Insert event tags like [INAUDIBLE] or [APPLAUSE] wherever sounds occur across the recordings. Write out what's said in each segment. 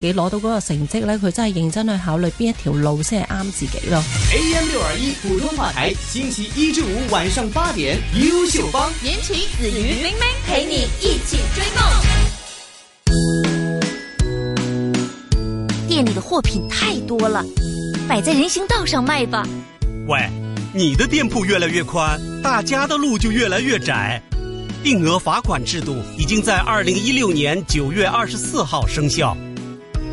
你攞到嗰個成績呢，佢真係認真去考慮邊一條路先係啱自己咯。AM 六二一普通話台，星期一至五晚上八點，優秀方，年輕子瑜明明陪你一起追夢。店裏的貨品太多了，擺在人行道上賣吧。喂，你的店鋪越來越寬，大家的路就越來越窄。定額罰款制度已經在二零一六年九月二十四號生效。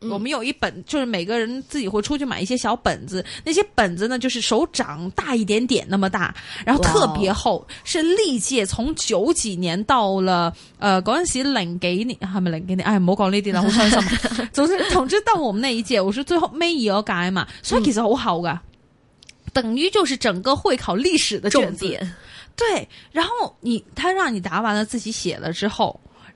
我們有一本，嗯、就是每個人自己會出去買一些小本子，那些本子呢，就是手掌大一點點那麼大，然後特別厚，哦、是歷屆從九幾年到了呃，嗰陣時零幾年，係咪零幾年？哎，唔好講呢啲啦，好傷心。 [LAUGHS] 總之，總之到我們那一屆，我說最後唯一個改嘛，所以其實好好的，嗯、等於就是整個會考歷史的卷子重點對，然後你他讓你答完了，自己寫了之後。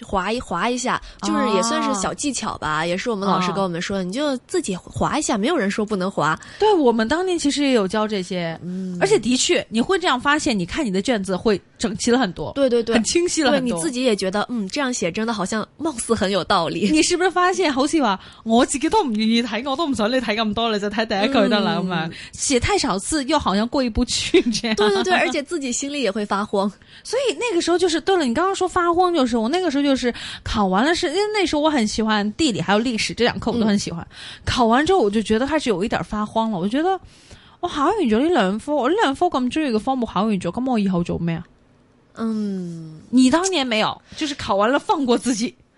劃一劃一下，就是也算是小技巧吧，啊、也是我們老師跟我們說的，啊、你就自己劃一下，沒有人說不能劃。對，我們當年其實也有教這些，嗯，而且的確你會這樣發現，你看你的卷子會整齊了很多，對對對，很清晰了很多，對，你自己也覺得嗯，這樣寫真的好像貌似很有道理。你是不是發現好似話，我自己都不願意睇，我都唔想你睇咁多了，你就睇第一句得啦嘛。寫太少次又好像過意不去這樣，對對對，而且自己心裏也會發慌。 [LAUGHS] 所以那個時候就是，對了，你剛剛說發慌，就是我那個時候。就是考完了，是因為那時候我很喜歡地理還有歷史這兩科，我都很喜歡。考、嗯、完之後，我就覺得開始有一點發慌了。我覺得我考完咗呢兩科，我兩科咁中意嘅科目考完咗，咁我以後做咩啊？嗯，你當年沒有，就是考完了放過自己。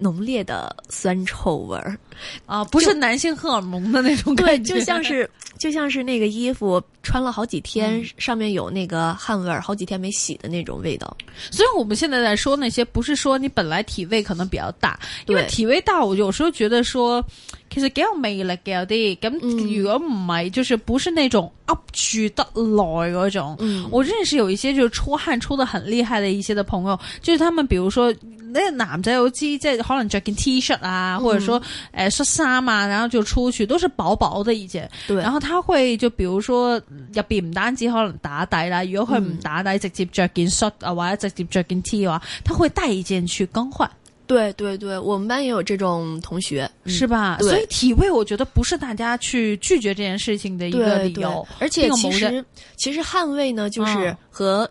濃烈的酸臭味兒，啊，不是男性荷爾蒙的那種感覺，就，對，就像是就像是那個衣服穿了好幾天，嗯、上面有那個汗味兒，好幾天沒洗的那種味道。所以我們現在在說那些，不是說你本來體味可能比較大，對因為體味大，我有時候覺得說其實幾有魅力嘅有啲。咁如果唔係，就是不是那種 up 住得耐嗰種。嗯、我認識有一些就是出汗出得很厲害的一些的朋友，就是他們比如說。那個男仔有之，即係可能着件 T 恤啊，或者說誒恤衫嘛，然後就出去都是薄薄的一件。對。然後他會就比如說入邊唔單止可能打底啦，如果佢唔打底，嗯、直接着件 short 啊，或者直接着件 T 嘅話、啊，他會帶一件去更換對對對，我們班也有這種同學，是吧？嗯、所以體味我覺得不是大家去拒絕這件事情的一個理由，對對而且其實其實,其實汗味呢就是、哦、和。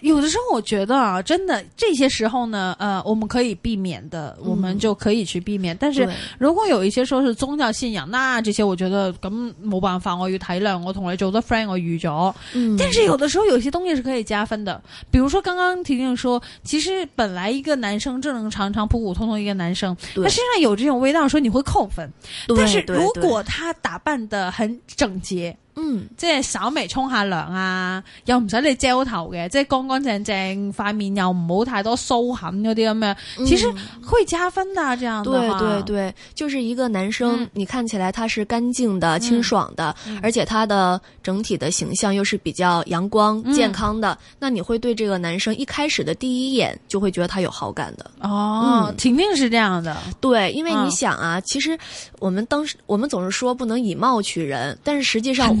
有的時候我覺得啊，真的這些時候呢，呃，我們可以避免的，嗯、我們就可以去避免。但是對如果有一些說是宗教信仰那這些，我覺得咁冇辦法，我要體諒，我同你做個 friend，我預咗。與嗯、但是有的時候、嗯、有些東西是可以加分的，比如說剛剛婷婷說，其實本來一個男生正正常常普普通通一個男生，對他身上有這種味道，說你會扣分。對但是如果他打扮的很整潔。對嗯，即係稍微沖下涼啊，又唔使你遮頭嘅，即係乾乾淨淨，塊面又唔好太多騷痕嗰啲咁樣，嗯、其實會加分的。這樣的對對對，就是一個男生，嗯、你看起來他是乾淨的、清爽的，嗯、而且他的整體的形象又是比較陽光、嗯、健康的，那你會對這個男生一開始的第一眼就會覺得他有好感的。哦，肯定、嗯、是這樣的。對，因為你想啊，哦、其實我們當時我們總是說不能以貌取人，但是實際上、嗯。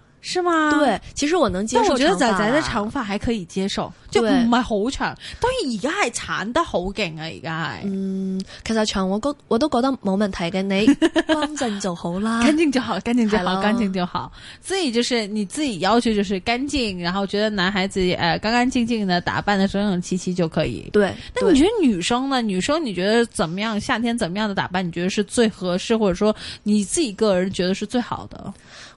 是嗎？對，其實我能接受。但我覺得仔仔的長發還可以接受，仔仔接受就唔係好長。當然對，而家係鏟得好勁啊，而家係。嗯，其實長我我都覺得冇問題嘅，你,幫着你走 [LAUGHS] 乾淨就好啦，乾淨就好， [LAUGHS] 乾淨就好，乾淨就好。自己就是你自己要求就是乾淨，然後覺得男孩子呃乾乾淨淨的，打扮的整整齊齊就可以。對。那你覺得女生呢？女生你覺得怎麼樣？夏天怎麼樣的打扮你覺得是最合適，或者說你自己個人覺得是最好的？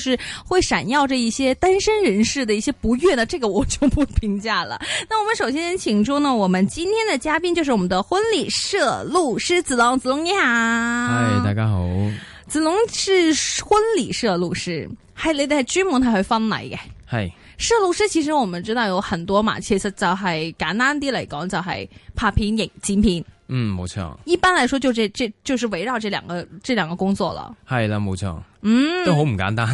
就是會閃耀着一些單身人士的一些不悦的，這個我就不評價了。那我們首先請出呢，我們今天的嘉賓就是我們的婚禮攝錄師子龍，子龍你好。嗨，大家好。子龍是婚禮攝錄師，係咧，係專門係去婚禮嘅。係攝錄師，其實我們知道有很多嘛，其實就係簡單啲嚟講，就係拍片、影剪片。嗯，冇錯。一般來說就，就是、這這就是圍繞這兩個這兩個工作了。係啦，冇錯。嗯，都好唔簡單。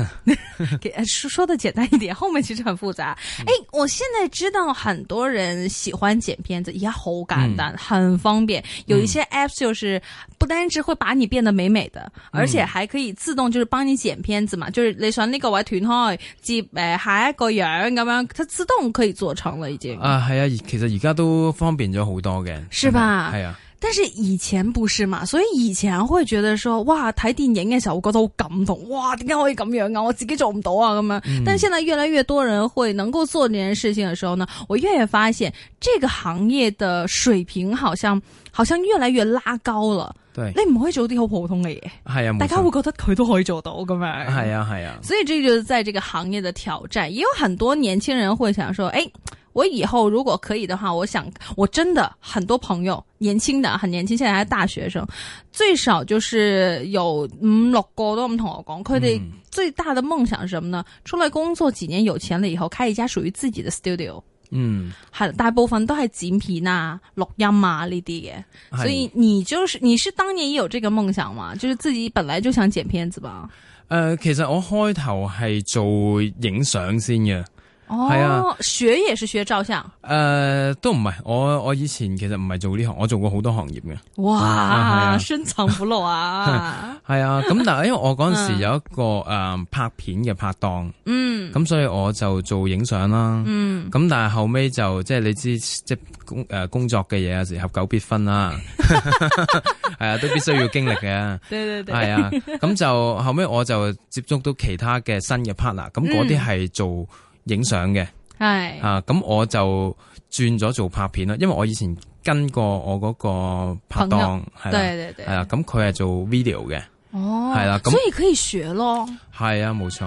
[LAUGHS] 說說的簡單一點，後面其實很複雜。誒、嗯欸，我現在知道很多人喜歡剪片子，也好簡單，嗯、很方便。有一些 apps 就是不單只會把你變得美美的，嗯、而且還可以自動就是幫你剪片子嘛。嗯、就是你想呢個位斷開接誒下一個樣咁樣，它自動可以做成了已經。啊，係啊，其實而家都方便咗好多嘅。是吧？係啊。但是以前不是嘛，所以以前會覺得說，哇睇電影嘅時候，我覺得好感動，哇點解可以咁樣啊，我自己做唔到啊咁樣。嗯嗯，但現在越來越多人會能夠做呢件事情嘅時候呢，我越嚟越發現，這個行業的水平好像，好像越來越拉高啦。對，你唔可以做啲好普通嘅嘢。係啊，大家會覺得佢都可以做到咁樣。係啊係啊，啊所以這就是在這個行業的挑戰。也有很多年輕人會想說，誒、欸。我以後如果可以的話，我想我真的很多朋友，年輕的很年輕，現在是大學生，最少就是有五六個都唔同我講，佢哋最大的夢想是什麼呢？出來工作幾年有錢了以後，開一家屬於自己的 studio。嗯，係大部分都係剪片呢，錄音嘛呢啲嘅。所以你就是，你是當年也有這個夢想嗎？就是自己本來就想剪片子吧？呃，其實我開頭係做影相先嘅。哦，啊、學嘢是學照相，誒、呃，都唔係，我我以前其實唔係做呢行，我做過好多行業嘅，哇，啊啊、深藏不露啊，係 [LAUGHS] 啊，咁、啊、但係因為我嗰陣時候有一個誒拍片嘅拍檔，嗯，咁、嗯嗯、所以我就做影相啦，嗯，咁但係後尾就即係你知即係工誒工作嘅嘢有時合久必分啦，係 [LAUGHS] [LAUGHS] 啊，都必須要經歷嘅， [LAUGHS] 對對對，係啊，咁就後尾我就接觸到其他嘅新嘅 partner，咁嗰啲係做。嗯影相嘅，係是啊，咁我就轉咗做拍片啦，因為我以前跟過我嗰個拍檔，係啦友，係啊，咁佢係做 video 嘅，哦，係啦，咁所以可以學咯，係啊，冇錯。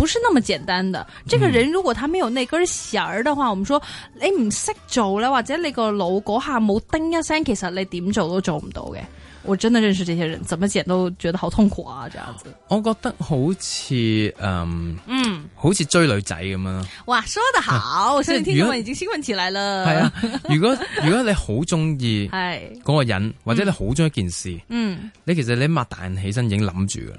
不是那麼簡單的。這個人如果他沒有那根弦兒的話，嗯、我們說你唔識做咧，或者你個腦嗰下冇叮一聲，其實你點做都做唔到嘅。我真的認識這些人，怎麼剪都覺得好痛苦啊，這樣子。我覺得好似誒，嗯，嗯好似追女仔咁樣哇，說得好，雖然、啊、聽聞果已經興奮起來了。係啊，如果如果你好中意，係嗰個人、嗯、或者你好中意一件事，嗯，你其實你擘大眼起身已經諗住噶。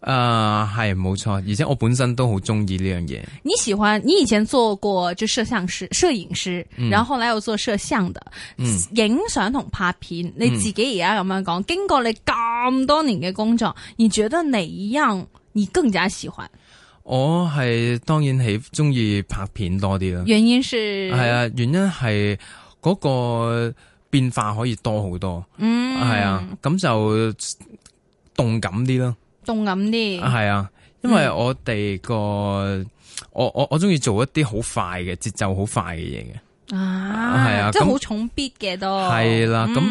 啊，係冇錯，而且我本身都好中意呢樣嘢。你喜歡？你以前做過就攝像師、攝影師，嗯、然後後來又做攝像的，影相同拍片。你自己而家咁樣講，嗯、經過你咁多年嘅工作，你覺得哪一樣你樣而更加喜歡？我係當然喜中意拍片多啲啦原、啊。原因是係啊，原因係嗰個變化可以多好多。嗯，係啊，咁就動感啲咯。動咁啲係啊，因為我哋個我我我中意做一啲好快嘅節奏，好快嘅嘢嘅啊，係啊，即係好重 beat 嘅都。係啦。咁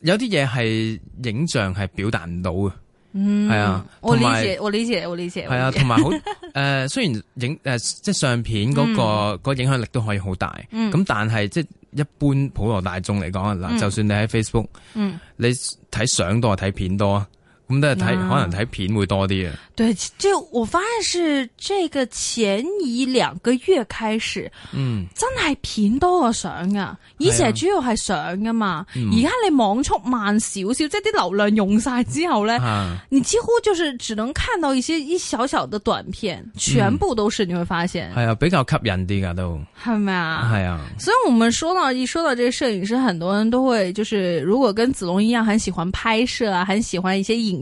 有啲嘢係影像係表達唔到嘅，係啊。我理我理我理係啊，同埋好誒，雖然影誒即係相片嗰個嗰影響力都可以好大，咁但係即係一般普羅大眾嚟講，嗱，就算你喺 Facebook，嗯，你睇相多，睇片多啊。咁都係睇，嗯、可能睇片會多啲啊。對，就我發現是這個前一兩個月開始，嗯，真係片多過相啊。以前主要係相噶嘛，而家、嗯、你網速慢少少，即係啲流量用晒之後咧，啊、你幾乎就是只能看到一些一小小的短片，全部都是你會發現係、嗯、啊，比較吸引啲噶都係咪啊？係啊，所以我們說到一說到這個攝影師，很多人都會，就是如果跟子龍一樣，很喜歡拍攝啊，很喜歡一些影。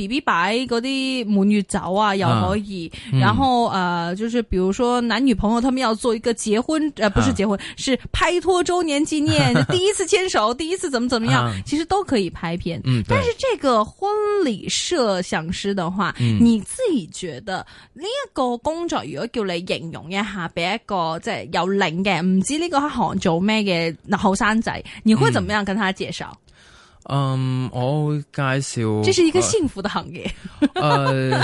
B B 擺嗰啲滿月酒啊，又可以。然後，呃，就是，比如說男女朋友，他們要做一個結婚，呃，不是結婚，是拍拖周年紀念，第一次牽手，第一次怎麼怎麼樣，其實都可以拍片。但是這個婚禮攝像師的話，你自己覺得呢一個工作，如果叫你形容一下，俾一個即係有領嘅，唔知呢個行做咩嘅後生仔，你會怎麼樣跟他介紹？嗯，我會介紹。這是一個幸福的行業，誒、呃，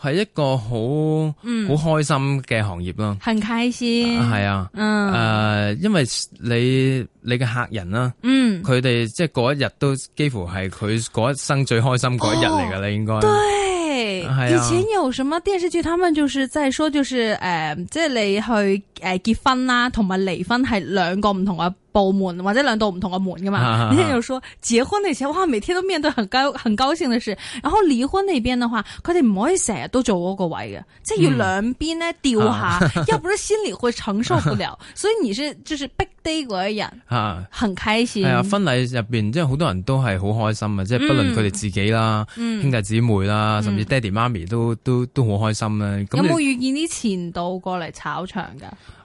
係 [LAUGHS] 一個好，好、嗯、開心嘅行業咯。很開心，係啊，是啊嗯，誒、啊，因為你你嘅客人啦，嗯，佢哋即係嗰一日都幾乎係佢嗰一生最開心嗰一日嚟噶啦，哦、應該。對，是啊，以前有什麼電視劇？他們就是在說，就是呃，就是誒，即係你去誒結婚啦，啊，離婚同埋離婚係兩個唔同嘅。部門或者兩度唔同嘅門㗎嘛，你又說結婚嗰時，哇，每天都面對很高很高興的事，然後離婚呢邊嘅話，佢哋唔可以成日都做嗰個位嘅，即係要兩邊咧掉下，又不是心裏會承受不了，所以你是就是逼低嗰個人，很開心。係啊，婚禮入邊即係好多人都係好開心啊，即係不論佢哋自己啦、兄弟姊妹啦，甚至爹哋媽咪都都都好開心咧。有冇遇見啲前度過嚟炒場㗎？誒，剛剛、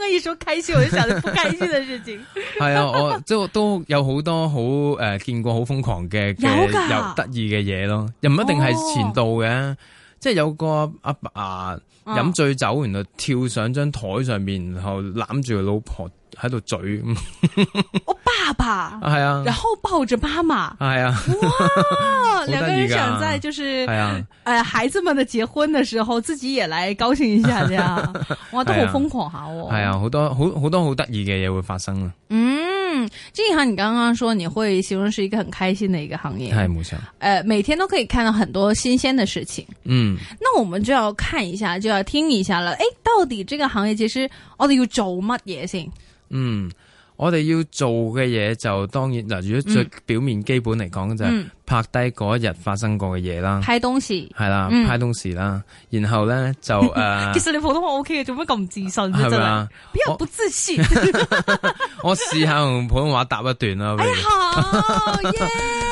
呃、 [LAUGHS] 一說開心，我就想不開心的事情。係啊，我即係都有好多好誒、呃，見過好瘋狂嘅有噶的得意嘅嘢咯，又唔一定係前度嘅，哦、即係有個阿伯飲醉酒，然後跳上張台上面，然後攬住個老婆。喺度在嘴、 [LAUGHS] 哦，我爸爸係啊，然後抱着媽媽係啊，啊哇， [LAUGHS] 兩個人想在就是係啊，誒、呃，孩子們的結婚的時候，自己也來高興一下這樣哇，都好瘋狂下哦，係啊，好很多好好多好得意嘅嘢會發生啊。嗯，這一行你剛剛說你會形容是一個很開心的一個行業，係冇錯，誒、呃，每天都可以看到很多新鮮的事情，嗯，那我們就要看一下，就要聽一下了誒，到底這個行業其實我哋要做乜嘢先？嗯，我哋要做嘅嘢就當然嗱，如、呃、果最表面基本嚟講就係拍低嗰一日發生過嘅嘢啦，拍東西係啦，嗯、拍東西啦，然後咧就誒，呃、 [LAUGHS] 其實你普通話 O K 嘅，做乜咁自信啫？咪、啊？比邊有不自信？我試下用普通話答一段啦。哎呀，好耶！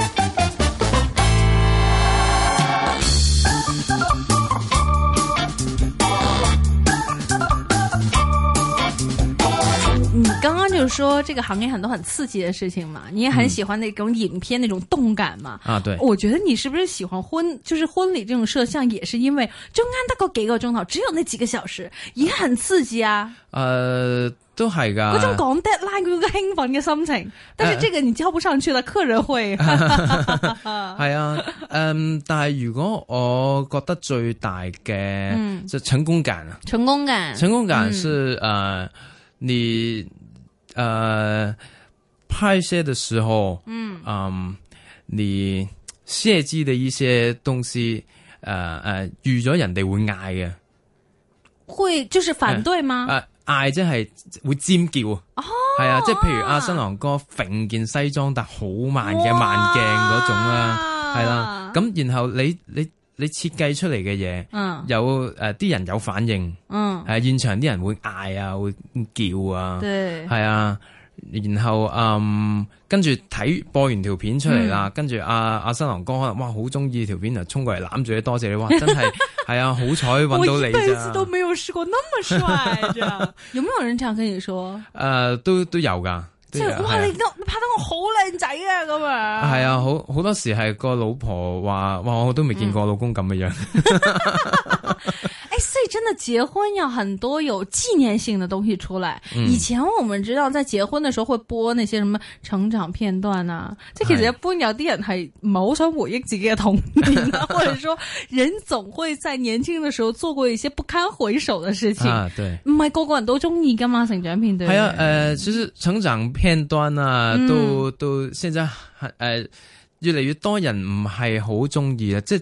剛剛就是說這個行業很多很刺激的事情嘛，你也很喜歡那種影片，嗯、那種動感嘛。啊，對，我覺得你是不是喜歡婚，就是婚禮這種攝像也是因為，中間得嗰幾個鐘頭，只有那幾個小時，也很刺激啊。呃，都係㗎，嗰種講得拉住個興奮嘅心情。但是這個你交不上去了，呃、客人會。係啊，哈哈哈哈 [LAUGHS] 嗯，但是如果我覺得最大嘅，就成功感成功感。成功感，成功感是、嗯、呃你。誒，拍攝、uh, 的時候，嗯，嗯，um, 你設置嘅一些東西，誒、uh, 誒、uh,，遇咗人哋會嗌嘅，會就是反對嗎？誒，嗌即係會尖叫，係、哦、啊，即係譬如阿新郎哥揈件西裝、啊，但好慢嘅慢鏡嗰種啦，係啦、啊，咁然後你你。你設計出嚟嘅嘢，嗯、有誒啲、呃、人有反應，係、嗯呃、現場啲人會嗌啊，會叫啊，係對啊，然後嗯，跟住睇播完條片出嚟啦，跟住阿阿新郎哥可能哇好中意條片，就衝過嚟攬住你，多謝，謝你哇，真係係 [LAUGHS] 啊，好彩搵到你。我一輩子都未有試過那麼帥，有冇有人這樣跟你說？誒 [LAUGHS] 、呃，都都有噶。即係、就是，哇、啊啊你！你拍得我好靚仔啊，咁樣。係啊，好好多時係個老婆話，哇我都未見過老公咁嘅樣，樣。嗯 [LAUGHS] [LAUGHS] 所以真的結婚要很多有紀念性的東西出來。嗯、以前我們知道在結婚的時候會播那些什麼成長片段啊，即係、嗯、其實一般有啲人係唔係好 [LAUGHS] 想回憶自己嘅童年、啊， [LAUGHS] 或者說人總會在年輕的時候做過一些不堪回首的事情。啊、對，唔係個個人都中意噶嘛，成長片段。係啊，誒，其實成長片段啊，都都現在誒、呃、越嚟越多人唔係好中意啊，即係。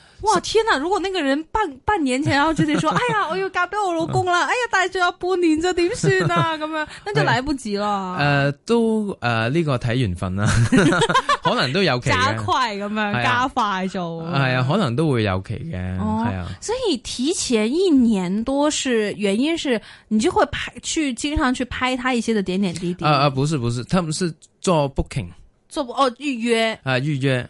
哇天呐！如果那個人半半年前，然後直接說 [LAUGHS] 哎，哎呀，我要嫁俾我老公啦，哎呀，大家就要半年就點算啊？」咁樣，那就來不及啦。誒 [LAUGHS] 、呃，都誒呢、呃這個睇緣分啦， [LAUGHS] 可能都有期的加快咁樣 [LAUGHS] 加快做，係啊、哎呀，可能都會有期嘅。哦，啊、所以提前一年多是原因，是你就會拍去經常去拍他一些的點點滴滴。啊啊，不是不是，他們是做 booking，做哦預約啊預約。啊預約。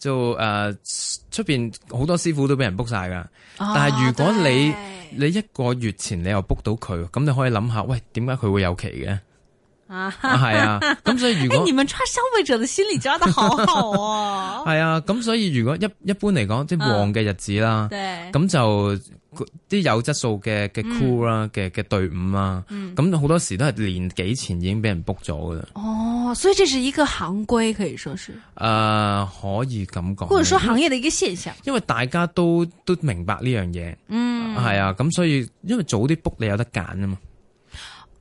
就誒出邊好多師傅都畀人 book 晒㗎。哦、但係如果你對你一個月前你又 book 到佢，咁你可以諗下，喂，點解佢會有期嘅？ [LAUGHS] 是啊，係啊，咁所以如果，誒、欸，你們抓消費者的心理抓得好好啊。係 [LAUGHS] 啊，咁所以如果一一般嚟講，即係旺嘅日子啦，咁、嗯、就啲有質素嘅嘅 crew 啦嘅嘅隊伍啊咁好、嗯、多時都係年幾前已經俾人 book 咗㗎啦。哦，所以這是一個行規，可以說是。誒、呃，可以咁講，或者說行業的一個現象，因為大家都都明白呢樣嘢，嗯，係啊，咁、啊、所以因為早啲 book 你有得揀啊嘛。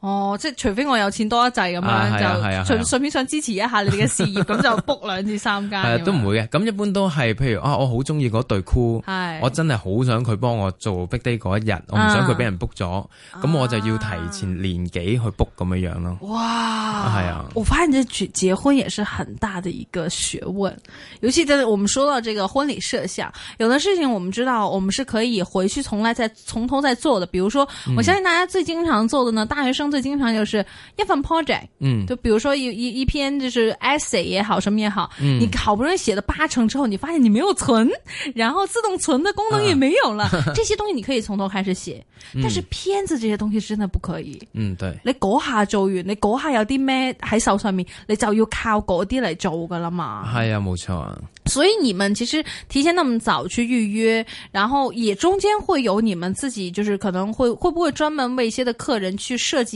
哦，即係除非我有錢多一滯咁樣就，係啊，順順便想支持一下你哋嘅事業，咁就 book 兩至三間。係啊，吧都唔會嘅。咁一般都係，譬如啊，我好中意嗰對係，啊、我真係好想佢幫我做 big day 嗰一日，我唔想佢俾人 book 咗，咁、啊、我就要提前年幾去 book 咁樣樣咯。哇，係啊，啊我發現結結婚也是很大的一個學問，尤其真係我們說到這個婚禮攝像，有的事情我們知道，我們是可以回去從來再從頭再做的，比如說，我相信大家最經常做的呢，大學生。經常就是一份 project，嗯，就比如說一一一篇就是 essay 也好，什麼也好，嗯，你好不容易寫了八成之後，你發現你沒有存，然後自動存的功能也沒有了，啊、這些東西你可以從頭開始寫，嗯、但是片子這些東西真的不可以，嗯，對，你下做完，你下有啲咩喺手上面，你就要靠啲嚟做噶啦嘛，係啊，冇錯啊，所以你們其實提前那麼早去預約，然後也中間會有你們自己，就是可能會會不會專門為一些的客人去設計。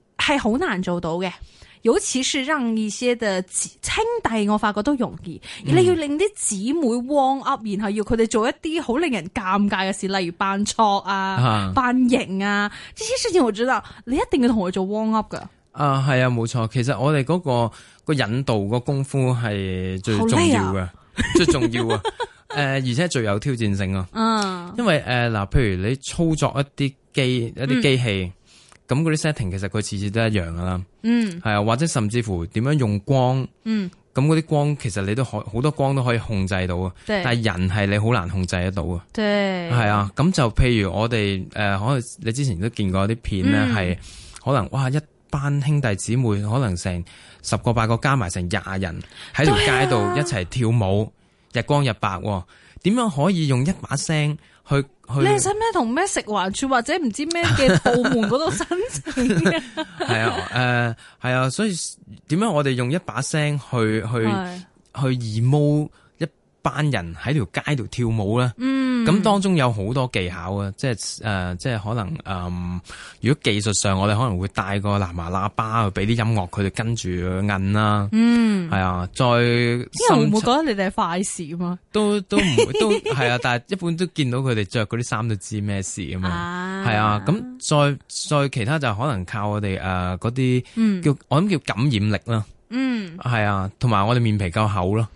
係好難做到嘅，尤其是讓一些嘅兄弟，我發覺都容易。嗯、你要令啲姊妹 warm up，然後要佢哋做一啲好令人尷尬嘅事，例如扮錯啊、扮型啊，呢啲事情我知道你一定要同佢做 warm up 噶。啊，係啊，冇錯。其實我哋嗰、嗰個、嗰個引導個功夫係最重要嘅，啊、最重要啊。誒， [LAUGHS] 而且最有挑戰性啊。嗯，因為誒嗱，譬、呃、如你操作一啲機一啲機器。嗯咁嗰啲 setting 其實佢次次都一樣㗎啦，嗯，係啊，或者甚至乎點樣用光，嗯，咁嗰啲光其實你都可好多光都可以控制到啊，對但係人係你好難控制得到對啊，對，係啊，咁就譬如我哋誒、呃、可能你之前都見過啲片咧，係、嗯、可能哇一班兄弟姊妹可能成十個八個加埋成廿人喺條街度一齊跳舞，呀日光日白，點、哦、樣可以用一把聲？去去，去你使咩同咩食環處或者唔知咩嘅部門嗰度申請嘅？係啊，誒、呃，係啊，所以點解我哋用一把聲去去的去 emo 一班人喺條街度跳舞咧？嗯。咁、嗯、當中有好多技巧啊！即係誒、呃，即係可能誒、呃，如果技術上我哋可能會帶個藍牙喇叭去俾啲音樂，佢哋跟住摁啦。嗯，係啊，再因為我唔會覺得你哋係快事啊嘛。都都唔會都係啊！但係一般都見到佢哋着嗰啲衫都知咩事啊嘛。係啊，咁、啊、再再其他就可能靠我哋誒嗰啲叫、嗯、我諗叫感染力啦。嗯，係啊，同埋我哋面皮夠厚咯。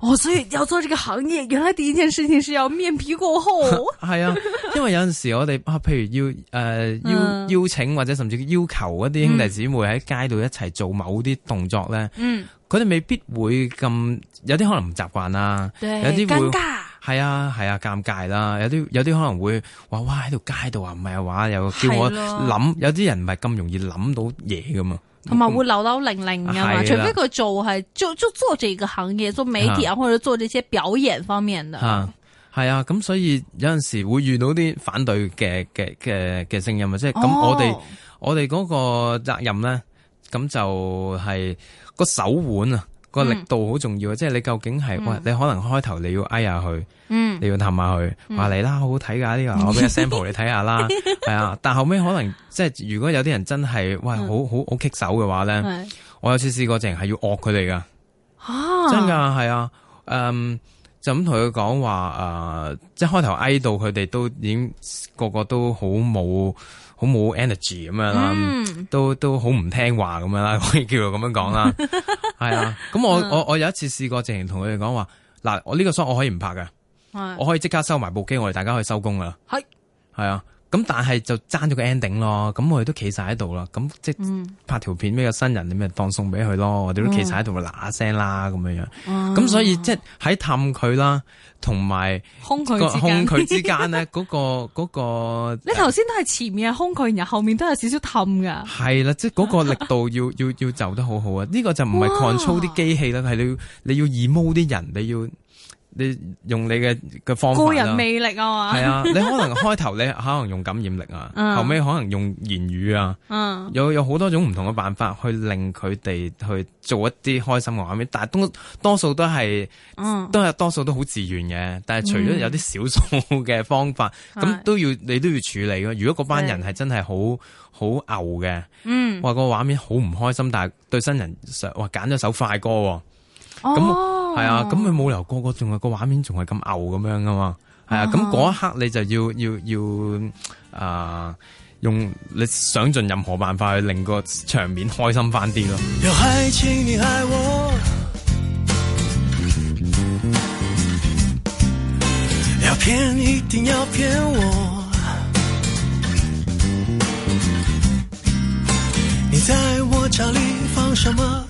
哦，oh, 所以要做這個行業，原來第一件事情是要面皮過厚。係啊，因為有陣時我哋譬如要誒、呃、邀邀請或者甚至要求一啲兄弟姊妹喺街度一齊做某啲動作咧，嗯，佢哋未必會咁，有啲可能唔習慣啊，對有啲尷尬。係啊係啊。尷、啊、尬啦！有啲有啲可能會話哇喺條街度啊，唔係啊話又叫我諗，的有啲人唔係咁容易諗到嘢噶嘛，同埋會扭扭擰擰噶嘛，的除非佢做係做做做這一個行業，做媒體啊，的或者做這些表演方面的。係啊，咁所以有陣時會遇到啲反對嘅嘅嘅嘅聲音啊，即係咁我哋我哋嗰個責任咧，咁就係個手腕啊。個力度好重要啊！嗯、即係你究竟係，嗯、喂，你可能開頭你要挨下佢，嗯、你要氹下佢，話嚟啦，好好睇噶呢個，我俾個 sample [LAUGHS] 你睇下啦，係啊。但後尾可能即係，如果有啲人真係，喂，好好好棘手嘅話咧，嗯、我有次試過，淨係係要惡佢哋噶，真噶係啊，嗯，就咁同佢講話，誒、呃，即係開頭挨到佢哋都已經個個都好冇好冇 energy 咁樣啦，都都好唔聽話咁樣啦，可以叫做咁樣講啦，係啊。 [LAUGHS] 咁我我我有一次試過，直情同佢哋講話，嗱，我呢個 show 我可以唔拍噶，是的 我可以即刻收埋部機，我哋大家可以收工噶啦。係，係啊。咁但係就爭咗個 ending 咯，咁我哋都企晒喺度啦，咁即係拍條片咩個新人，你咪當送俾佢咯，我哋都企晒喺度啦，嗱嗱聲啦咁樣樣，咁所以即係喺氹佢啦，同埋空佢 [LAUGHS] 空佢之間咧，嗰個嗰個，那個、你頭先都係前面係空佢，然後後面都有少少氹噶，係啦，即係嗰個力度要要要做得好好啊，呢、這個就唔係 control 啲機器啦，係哇你要你要 emo 啲人，你要。你用你嘅嘅方法個人魅力啊嘛，係啊， [LAUGHS] 你可能開頭你可能用感染力啊，嗯、後尾可能用言語啊，嗯、有有好多種唔同嘅辦法去令佢哋去做一啲開心嘅畫面，但係多數都係、嗯、多數都係，都係多數都好自願嘅，但係除咗有啲少數嘅方法，咁、嗯、都要你都要處理咯。如果嗰班人係真係好好牛嘅，嗯，話個畫面好唔開心，但係對新人，哇，揀咗首快歌。咁係那、哦、啊，咁佢冇理由個個仲係，個畫面仲係咁牛咁樣㗎嘛。係啊，咁嗰、嗯、哼刻你就要要要啊、呃、用你想盡任何辦法去令個場面開心返啲咯。要愛請你愛我，你要騙一定要騙我，你在我家裏放什麼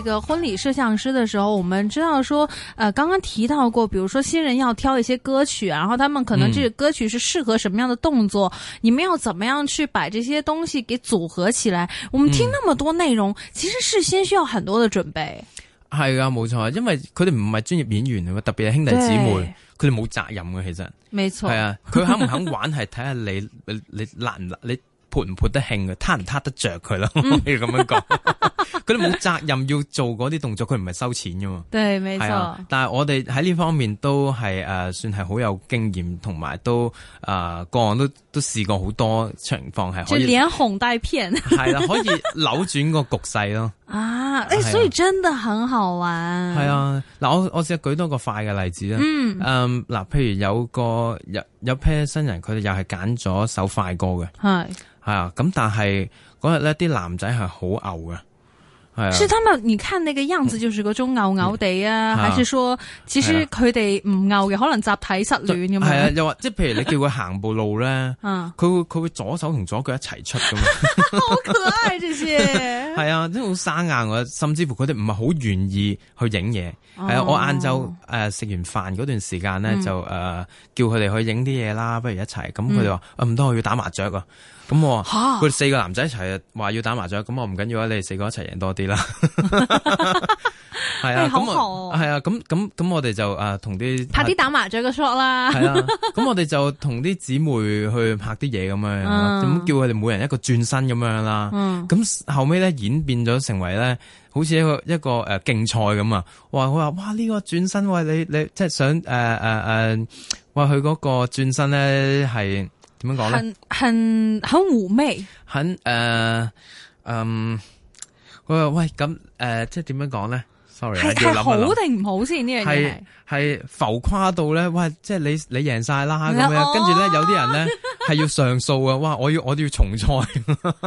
這個婚禮攝像師的時候，我們知道說，呃，剛剛提到過，比如說新人要挑一些歌曲，然後他們可能這個歌曲是適合什麼樣的動作，嗯、你們要怎麼樣去把這些東西給組合起來？我們聽那麼多內容，嗯、其實事先需要很多的準備。係啊，冇錯，因為佢哋唔係專業演員啊嘛，特別係兄弟姊妹，佢哋冇責任嘅。其實。冇錯。係啊，佢肯唔肯玩係睇下你，你難唔難？你。潑唔潑得興嘅，攤唔攤得着佢咯，要咁樣講。佢都冇責任要做嗰啲動作，佢唔係收錢噶嘛。對，冇錯、啊。但係我哋喺呢方面都係誒、呃，算係好有經驗，同埋都誒，個、呃、案都都試過好多情況係。就連紅大片係啦、 [LAUGHS] 啊，可以扭轉個局勢咯。啊，誒、啊欸，所以真的很好玩。係啊，嗱，我我只係舉多個快嘅例子啦。嗯。嗱、嗯，譬如有個有 pair 新人，佢哋又係揀咗首快歌嘅，係是，係啊，咁但係嗰日咧，啲男仔係好牛嘅。係，是、啊、他們，你看那個樣子，就是嗰種拗拗地啊，是啊還是說，其實佢哋唔拗嘅，啊、可能集體失戀咁嘛。係啊，又話即係，譬如你叫佢行步路咧，佢 [LAUGHS] 會佢會左手同左腳一齊出㗎嘛。 [LAUGHS] 好可愛，這些係啊，即係好生硬嘅，甚至乎佢哋唔係好願意去影嘢。係、哦、啊，我晏晝誒食完飯嗰段時間咧，嗯、就誒、呃、叫佢哋去影啲嘢啦，不如一齊。咁佢哋話：唔得、嗯，啊、道我要打麻雀啊。咁佢哋四個男仔一齊話要打麻雀，咁我唔緊要啊！你哋四個一齊贏多啲、啊、啦。係 [LAUGHS] 啊，咁係啊，咁咁咁我哋就啊同啲拍啲打麻雀嘅 shot 啦。係啊，咁我哋就同啲姊妹去拍啲嘢咁樣，咁、啊、叫佢哋每人一個轉身咁樣啦。咁、啊嗯嗯、後尾咧演變咗成為咧，好似一個一個誒競賽咁啊！哇，佢話哇呢個轉身喂你你即係想誒誒誒，哇佢嗰、呃呃呃、個轉身咧係。點樣講咧？很很很嫵媚，很誒嗯，喂喂咁誒，即係點樣講咧？Sorry，係係是好定唔好先呢樣嘢？係係浮誇到咧，喂，即係你你贏晒啦咁、哦、樣，跟住咧有啲人咧係要上訴啊， [LAUGHS] 哇！我要我都要重賽。 [LAUGHS]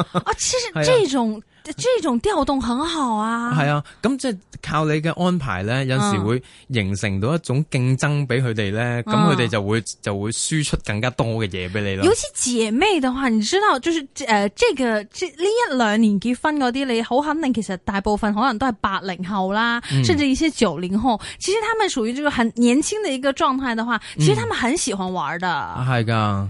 啊，其實、啊、這種。這種調動很好啊，係、嗯、啊，咁即係靠你嘅安排咧，有時會形成到一種競爭俾佢哋咧，咁佢哋就會就會輸出更加多嘅嘢俾你咯。尤其姐妹嘅話，你知道，就是誒，即、呃這個嘅，即呢一兩年結婚嗰啲，你好肯定其實大部分可能都係八零後啦，嗯、甚至一些九零後，其實他們屬於就是很年輕的一個狀態嘅話，其實他們很喜歡玩嘅，係噶、嗯。啊。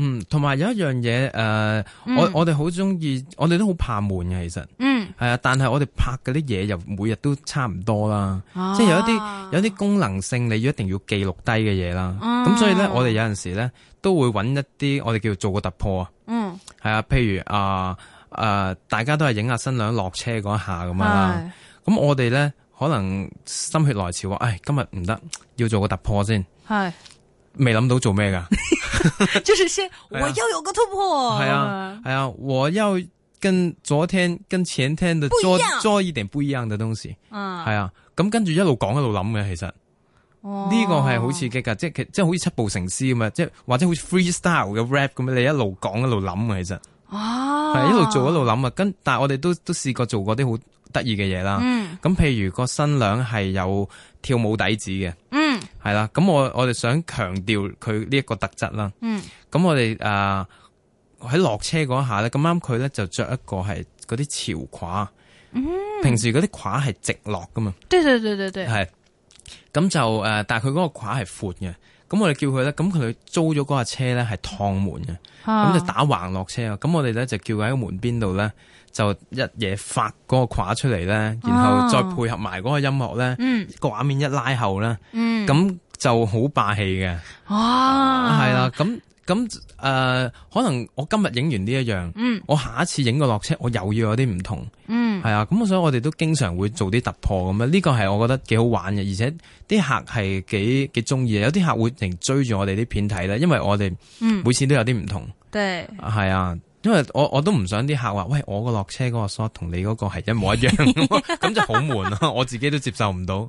嗯，同埋有一樣嘢，誒、呃嗯，我我哋好中意，我哋都好怕悶嘅，其實，嗯，啊、呃，但係我哋拍嗰啲嘢又每日都差唔多啦，啊、即係有一啲有啲功能性，你要一定要記錄低嘅嘢啦，咁、嗯、所以咧，我哋有陣時咧都會揾一啲我哋叫做做個突破，嗯，係啊，譬如啊、呃呃，大家都係影下新娘落車嗰一下咁樣啦，咁是我哋咧可能心血來潮話，唉，今日唔得，要做個突破先，係。未諗到做咩噶，就是先我又有個突破 [LAUGHS] 是、啊。係啊係啊，我又跟昨天跟前天的做不一做一點不一樣嘅東西。係、嗯、啊，咁跟住一路講一路諗嘅，其實呢哇 個係好刺激噶，即係即係好似七步成詩咁啊，即係或者好似 freestyle 嘅 rap 咁，你一路講一路諗嘅其實。哦、啊，係一路做一路諗啊，跟但係我哋都都試過做過啲好得意嘅嘢啦。嗯，咁譬如個新娘係有跳舞底子嘅。嗯。係啦，咁我、嗯、我哋想強調佢呢一個特質啦。嗯，咁我哋誒喺落車嗰下咧，咁啱佢咧就着一個係嗰啲潮褂。平時嗰啲褂係直落噶嘛。對對對對對。係，咁就誒、呃，但係佢嗰個褂係闊嘅。咁我哋叫佢咧，咁佢租咗嗰架車咧係趟門嘅，咁就打橫落車啊。咁我哋咧就叫佢喺門邊度咧。就一嘢發嗰個跨出嚟咧，然後再配合埋嗰個音樂咧，啊嗯、個畫面一拉後咧，咁、嗯、就好霸氣嘅。哇，係啦，咁咁誒，可能我今日影完呢一樣，嗯、我下一次影個落車，我又要有啲唔同，係啊、嗯，咁所以我哋都經常會做啲突破咁樣。呢、這個係我覺得幾好玩嘅，而且啲客係幾幾中意，有啲客會連追住我哋啲片睇啦，因為我哋每次都有啲唔同，係啊、嗯。對因為我我都唔想啲客話，喂，我個落車嗰個 sort 同你嗰個係一模一樣，咁 [LAUGHS] [LAUGHS] 就好悶咯，我自己都接受唔到。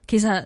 其實。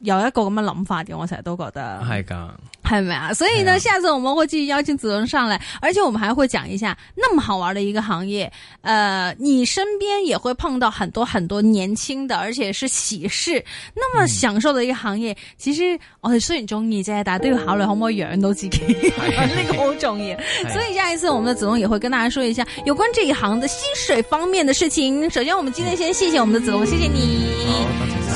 有一個咁嘅諗法點，我成日都覺得係噶，係咪啊？所以呢，的下次我們會繼續邀請子龍上來，而且我們還會講一下，那麼好玩的一個行業，呃，你身邊也會碰到很多很多年輕的，而且是喜事，那麼享受的一個行業，嗯、其實我哋雖然中意，但係大家都要考慮可唔可以養到自己，呢個好重要。嘿嘿，所以下一次我們的子龍也會跟大家說一下有關這一行的薪水方面的事情。首先，我們今天先謝謝我們的子龍，嗯、謝謝你。